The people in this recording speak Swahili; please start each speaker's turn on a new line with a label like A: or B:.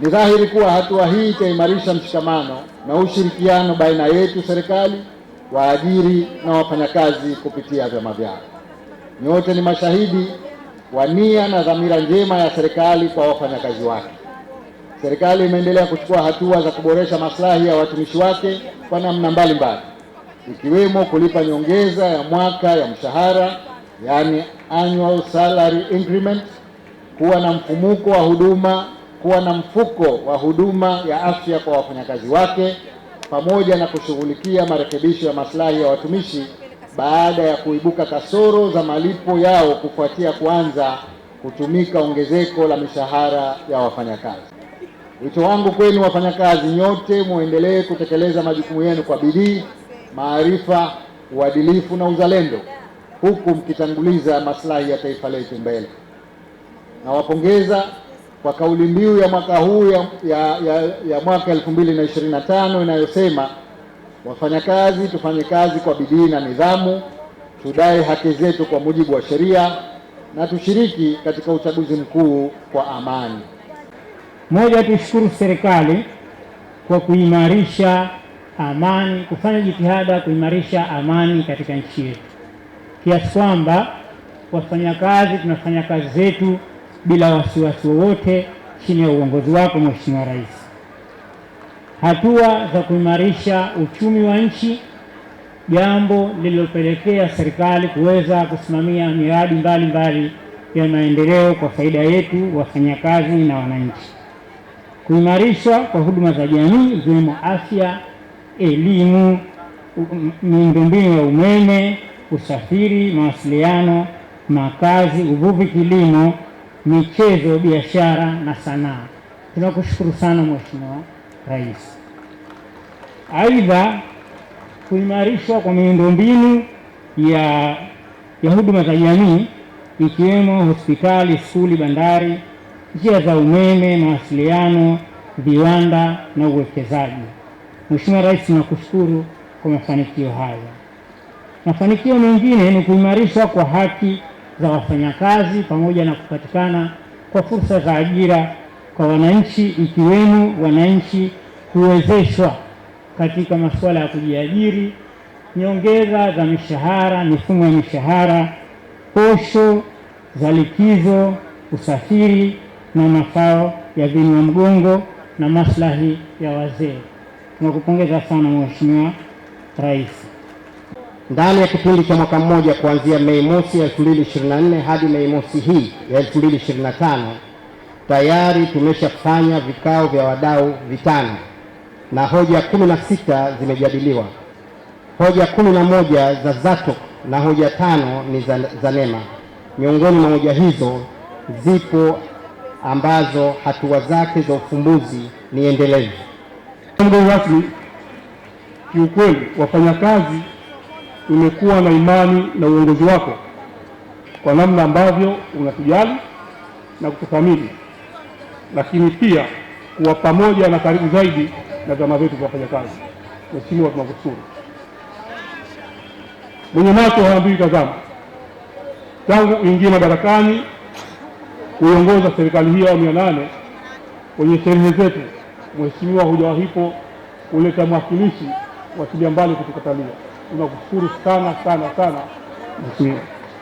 A: Ni dhahiri kuwa hatua hii itaimarisha mshikamano na ushirikiano baina yetu serikali, waajiri na wafanyakazi kupitia vyama vyao. Nyote ni mashahidi wa nia na dhamira njema ya serikali kwa wafanyakazi wake. Serikali imeendelea kuchukua hatua za kuboresha maslahi ya watumishi wake kwa namna mbalimbali, ikiwemo kulipa nyongeza ya mwaka ya mshahara, yani annual salary increment, kuwa na mfumuko wa huduma kuwa na mfuko wa huduma ya afya kwa wafanyakazi wake pamoja na kushughulikia marekebisho ya maslahi ya watumishi baada ya kuibuka kasoro za malipo yao kufuatia kuanza kutumika ongezeko la mishahara ya wafanyakazi. Wito wangu kwenu wafanyakazi nyote, muendelee kutekeleza majukumu yenu kwa bidii, maarifa, uadilifu na uzalendo, huku mkitanguliza maslahi ya taifa letu mbele. Nawapongeza kwa kauli mbiu ya mwaka huu ya, ya, ya, ya mwaka 2025 inayosema wafanyakazi, tufanye kazi kwa bidii na nidhamu, tudai haki zetu kwa mujibu wa sheria na tushiriki katika uchaguzi mkuu kwa amani.
B: Moja, tuishukuru serikali kwa kuimarisha amani, kufanya jitihada kuimarisha amani katika nchi yetu kiasi kwamba wafanyakazi tunafanya kazi zetu bila wasiwasi wowote chini ya uongozi wako Mheshimiwa Rais. Hatua za kuimarisha uchumi wa nchi, jambo lililopelekea serikali kuweza kusimamia miradi mbalimbali ya maendeleo kwa faida yetu wafanyakazi na wananchi. Kuimarishwa kwa huduma za jamii ikiwemo afya, elimu, miundombinu ya umeme, usafiri, mawasiliano, makazi, uvuvi, kilimo michezo, biashara na sanaa. Tunakushukuru sana Mheshimiwa Rais. Aidha, kuimarishwa kwa miundombinu ya, ya huduma za jamii ikiwemo hospitali, skuli, bandari, njia za umeme, mawasiliano, viwanda na uwekezaji. Mheshimiwa Rais, tunakushukuru kwa mafanikio hayo. Mafanikio mengine ni kuimarishwa kwa haki za wafanyakazi pamoja na kupatikana kwa fursa za ajira kwa wananchi, ikiwemo wananchi kuwezeshwa katika masuala ya kujiajiri, nyongeza za mishahara, mifumo ya mishahara, posho za likizo, usafiri na mafao ya vinua mgongo na maslahi ya wazee. Tunakupongeza sana Mheshimiwa Rais
A: ndani ya kipindi cha mwaka mmoja kuanzia Mei mosi ya 2024 hadi Mei mosi hii ya 2025 tayari tumeshafanya vikao vya wadau vitano na hoja kumi na sita zimejadiliwa. Hoja kumi na moja za ZATO na hoja tano ni za nema Miongoni mwa hoja hizo zipo ambazo hatua zake za ufumbuzi ni endelevu. Rasmi kiukweli, wafanyakazi tumekuwa na imani na uongozi wako kwa namna ambavyo unatujali na kututhamini, lakini pia kuwa pamoja na karibu zaidi na vyama vyetu vya wafanyakazi. Mheshimiwa, tunakushukuru. Mwenye macho haambiwi tazama. Tangu uingie madarakani kuiongoza serikali hii ya awamu ya nane, kwenye sherehe zetu, Mheshimiwa, hujawahipo kuleta mwakilishi wa Kiliambale kutukatalia tunakushukuru sana sana sana Mheshimiwa.